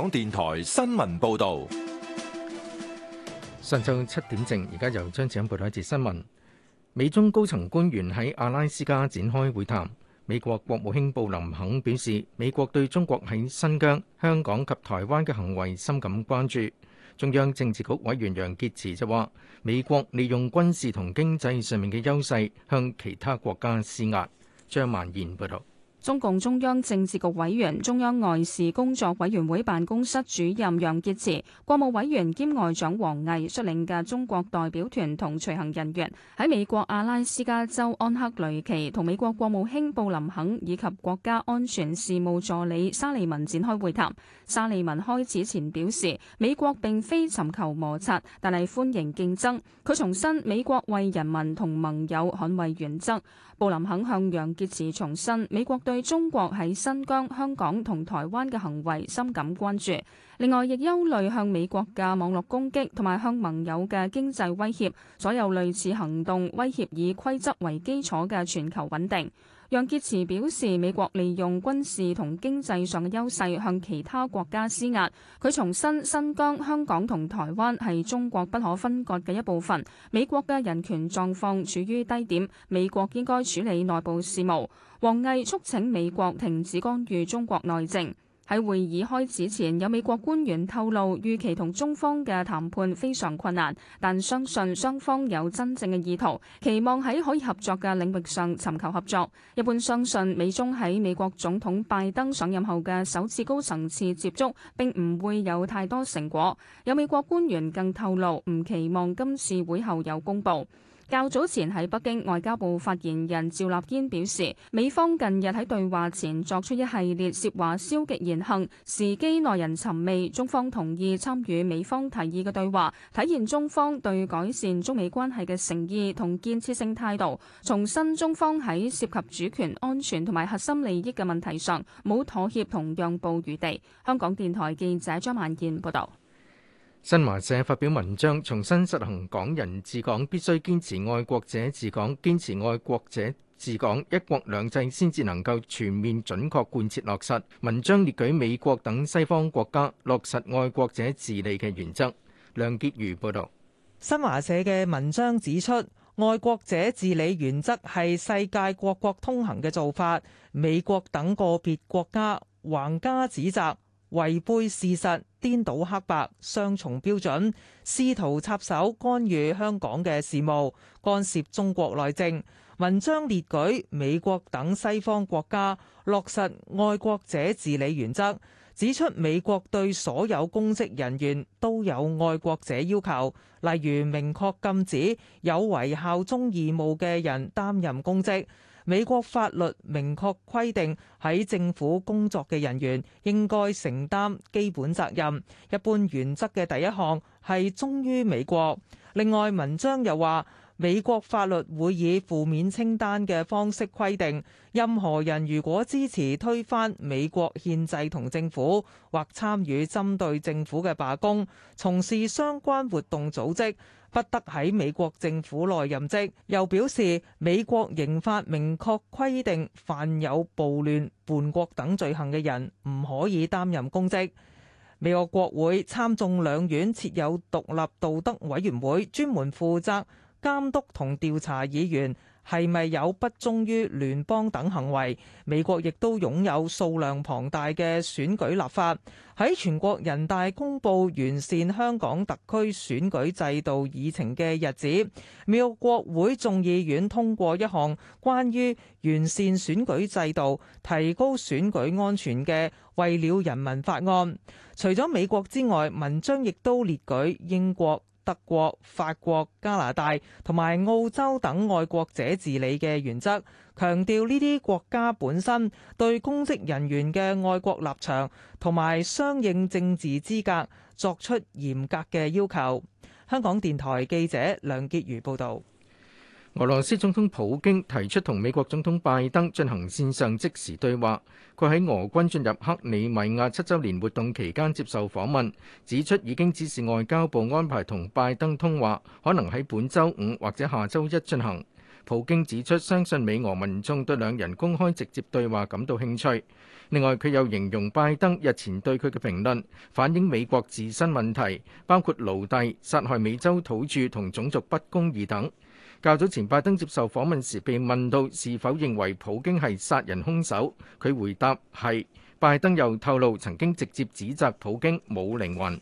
港電台新聞報道：上晝七點正，而家由張子欣報道一節新聞。美中高層官員喺阿拉斯加展開會談。美國國務卿布林肯表示，美國對中國喺新疆、香港及台灣嘅行為深感關注。中央政治局委員楊潔篪就話，美國利用軍事同經濟上面嘅優勢向其他國家施壓。張曼燕報道。中共中央政治局委員、中央外事工作委員會辦公室主任楊潔篪、國務委員兼外長王毅率領嘅中國代表團同隨行人員喺美國阿拉斯加州安克雷奇同美國國務卿布林肯以及國家安全事務助理沙利文展開會談。沙利文開始前表示，美國並非尋求摩擦，但係歡迎競爭，佢重申美國為人民同盟友捍衛原則。布林肯向楊潔篪重申美國對對中國喺新疆、香港同台灣嘅行為深感關注，另外亦憂慮向美國嘅網絡攻擊同埋向盟友嘅經濟威脅，所有類似行動威脅以規則為基礎嘅全球穩定。楊潔篪表示，美國利用軍事同經濟上嘅優勢向其他國家施壓。佢重申，新疆、香港同台灣係中國不可分割嘅一部分。美國嘅人權狀況處於低點，美國應該處理內部事務。王毅促請美國停止干預中國內政。喺會議開始前，有美國官員透露，預期同中方嘅談判非常困難，但相信雙方有真正嘅意圖，期望喺可以合作嘅領域上尋求合作。一般相信美中喺美國總統拜登上任後嘅首次高層次接觸並唔會有太多成果。有美國官員更透露，唔期望今次會後有公佈。較早前喺北京，外交部發言人趙立堅表示，美方近日喺對話前作出一系列涉華消極言行，時機耐人尋味，中方同意參與美方提議嘅對話，體現中方對改善中美關係嘅誠意同建設性態度，重申中方喺涉及主權、安全同埋核心利益嘅問題上冇妥協同讓步餘地。香港電台記者張萬健報道。新華社發表文章，重新實行港人治港，必須堅持愛國者治港，堅持愛國者治港，一國兩制先至能夠全面準確貫徹落實。文章列舉美國等西方國家落實愛國者治理嘅原則。梁潔如報道。新華社嘅文章指出，愛國者治理原則係世界各國通行嘅做法，美國等個別國家橫加指責，違背事實。顛倒黑白、雙重標準、試圖插手干預香港嘅事務、干涉中國內政。文章列舉美國等西方國家落實愛國者治理原則，指出美國對所有公職人員都有愛國者要求，例如明確禁止有違效忠義務嘅人擔任公職。美國法律明確規定，喺政府工作嘅人員應該承擔基本責任。一般原則嘅第一項係忠於美國。另外，文章又話，美國法律會以負面清單嘅方式規定，任何人如果支持推翻美國憲制同政府，或參與針對政府嘅罷工、從事相關活動組織，不得喺美國政府內任職。又表示，美國刑法明確規定，犯有暴亂、叛國等罪行嘅人唔可以擔任公職。美國國會參眾兩院設有獨立道德委員會，專門負責。監督同調查議員係咪有不忠於聯邦等行為。美國亦都擁有數量龐大嘅選舉立法。喺全國人大公布完善香港特區選舉制度議程嘅日子，美國國會眾議院通過一項關於完善選舉制度、提高選舉安全嘅「為了人民」法案。除咗美國之外，文章亦都列舉英國。德國、法國、加拿大同埋澳洲等愛國者治理嘅原則，強調呢啲國家本身對公職人員嘅愛國立場同埋相應政治資格作出嚴格嘅要求。香港電台記者梁潔如報導。俄羅斯總統普京提出同美國總統拜登進行線上即時對話。佢喺俄軍進入克里米亞七週年活動期間接受訪問，指出已經指示外交部安排同拜登通話，可能喺本周五或者下周一進行。普京指出，相信美俄民眾對兩人公開直接對話感到興趣。另外，佢又形容拜登日前對佢嘅評論反映美國自身問題，包括奴隸、殺害美洲土著同種族不公義等。較早前拜登接受訪問時，被問到是否認為普京係殺人兇手，佢回答係。拜登又透露曾經直接指責普京冇靈魂。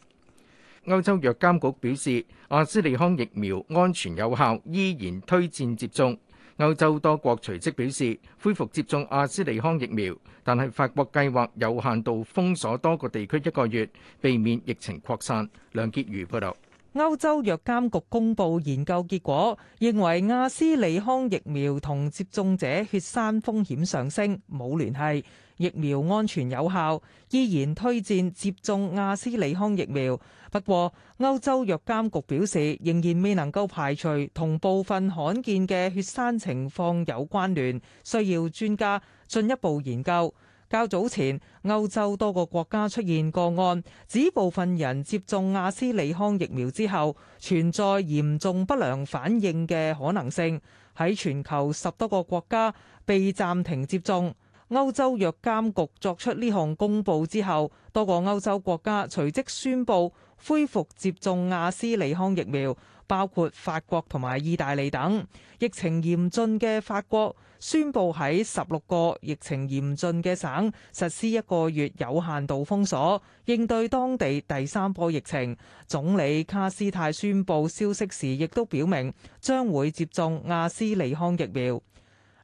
歐洲藥監局表示，阿斯利康疫苗安全有效，依然推薦接種。歐洲多國隨即表示恢復接種阿斯利康疫苗，但係法國計劃有限度封鎖多個地區一個月，避免疫情擴散。梁潔如報導。歐洲藥監局公布研究結果，認為阿斯利康疫苗同接種者血栓風險上升冇聯繫，疫苗安全有效，依然推薦接種阿斯利康疫苗。不過，歐洲藥監局表示，仍然未能夠排除同部分罕見嘅血栓情況有關聯，需要專家進一步研究。較早前，歐洲多個國家出現個案，指部分人接種阿斯利康疫苗之後存在嚴重不良反應嘅可能性，喺全球十多個國家被暫停接種。歐洲藥監局作出呢項公布之後，多個歐洲國家隨即宣布恢復接種阿斯利康疫苗。包括法國同埋意大利等疫情嚴峻嘅法國，宣布喺十六個疫情嚴峻嘅省實施一個月有限度封鎖，應對當地第三波疫情。總理卡斯泰宣布消息時，亦都表明將會接種阿斯利康疫苗。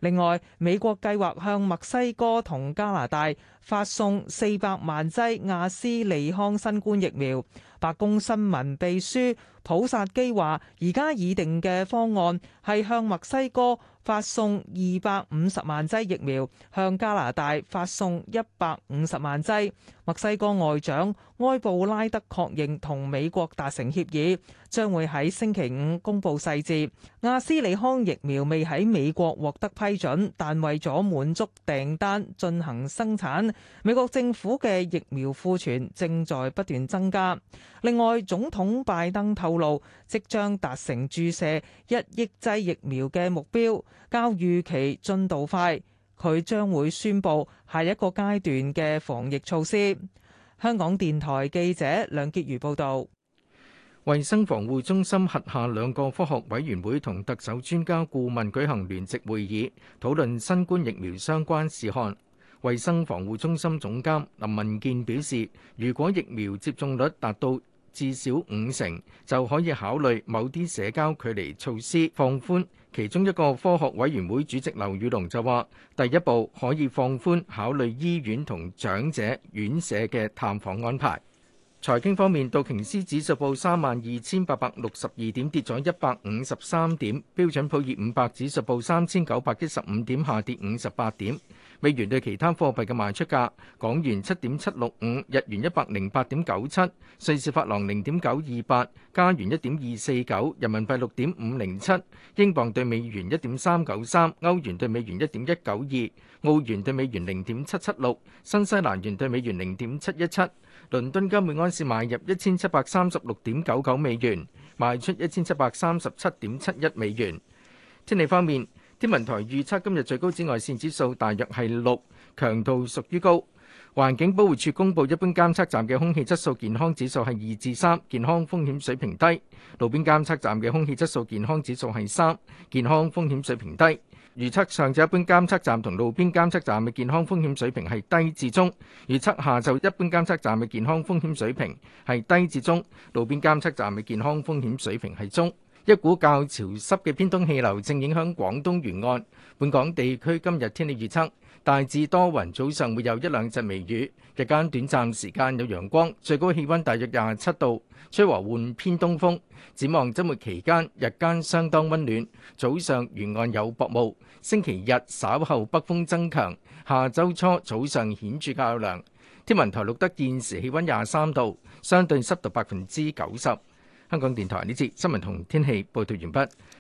另外，美國計劃向墨西哥同加拿大發送四百萬劑阿斯利康新冠疫苗。白宮新聞秘書。普薩基話：而家已定嘅方案係向墨西哥發送二百五十萬劑疫苗，向加拿大發送一百五十萬劑。墨西哥外長埃布拉德確認同美國達成協議，將會喺星期五公佈細節。亞斯利康疫苗未喺美國獲得批准，但為咗滿足訂單進行生產。美國政府嘅疫苗庫存正在不斷增加。另外，總統拜登透透露即將達成注射一億劑疫苗嘅目標，較預期進度快。佢將會宣布下一個階段嘅防疫措施。香港電台記者梁潔如報導。衞生防護中心轄下兩個科學委員會同特首專家顧問舉行聯席會議，討論新冠疫苗相關事項。衞生防護中心總監林文健表示，如果疫苗接種率達到，至少五成就可以考慮某啲社交距離措施放寬。其中一個科學委員會主席劉宇龍就話：第一步可以放寬考慮醫院同長者院舍嘅探訪安排。財經方面，道瓊斯指數報三萬二千八百六十二點，跌咗一百五十三點；標準普爾五百指數報三千九百一十五點，下跌五十八點。美元對其他貨幣嘅賣出價：港元七點七六五，日元一百零八點九七，瑞士法郎零點九二八，加元一點二四九，人民幣六點五零七，英鎊對美元一點三九三，歐元對美元一點一九二，澳元對美元零點七七六，新西蘭元對美元零點七一七。倫敦金每安士買入一千七百三十六點九九美元，賣出一千七百三十七點七一美元。天氣方面。天文台預測今日最高紫外線指數大約係六，強度屬於高。環境保護署公布一般監測站嘅空氣質素健康指數係二至三，健康風險水平低。路邊監測站嘅空氣質素健康指數係三，健康風險水平低。預測上晝一般監測站同路邊監測站嘅健康風險水平係低至中。預測下晝一般監測站嘅健康風險水平係低至中，路邊監測站嘅健康風險水平係中。一股較潮濕嘅偏東氣流正影響廣東沿岸，本港地區今日天氣預測大致多雲，早上會有一兩陣微雨，日間短暫時間有陽光，最高氣温大約廿七度，吹和緩偏東風。展望周末期間，日間相當温暖，早上沿岸有薄霧。星期日稍後北風增強，下周初早上顯著較涼。天文台錄得現時氣温廿三度，相對濕度百分之九十。香港電台呢節新聞同天氣報道完畢。